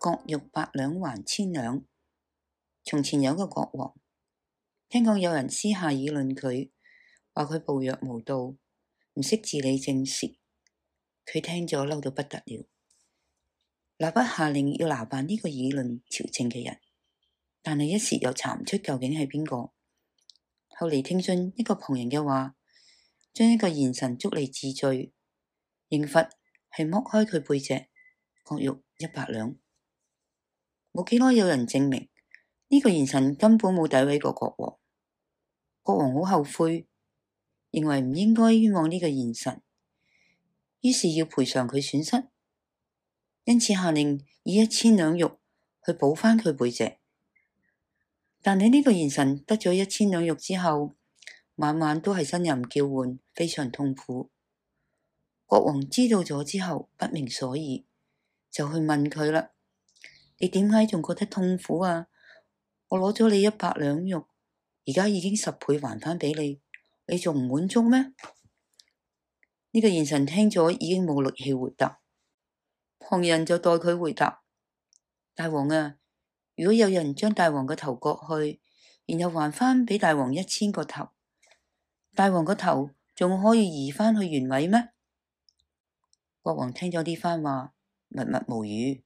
割肉百兩還千兩。從前有個國王，聽講有人私下議論佢，話佢暴虐無道，唔識治理政事。佢聽咗嬲，到不得了，立刻下令要拿辦呢個議論朝政嘅人，但係一時又查唔出究竟係邊個。後嚟聽信一個旁人嘅話，將一個賢臣捉嚟治罪，刑罰係剝開佢背脊，割肉一百兩。冇幾耐，有人證明呢、這個賢臣根本冇詆毀過國王，國王好後悔，認為唔應該冤枉呢個賢臣，於是要賠償佢損失，因此下令以一千兩肉去補返佢背脊。但係呢個賢臣得咗一千兩肉之後，晚晚都係呻吟叫喚，非常痛苦。國王知道咗之後，不明所以，就去問佢喇。你點解仲覺得痛苦啊？我攞咗你一百兩肉，而家已經十倍還返畀你，你仲唔滿足咩？呢、這個元神聽咗已經冇力氣回答，旁人就代佢回答：大王啊，如果有人將大王嘅頭割去，然後還返畀大王一千個頭，大王個頭仲可以移返去原位咩？國王聽咗呢番話，默默無語。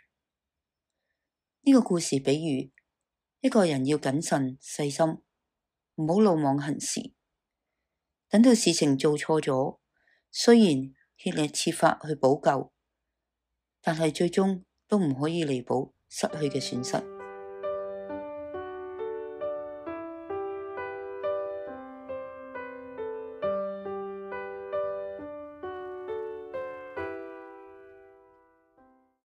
呢個故事，比喻一個人要謹慎細心，唔好魯莽行事。等到事情做錯咗，雖然竭力設法去補救，但係最終都唔可以彌補失去嘅損失。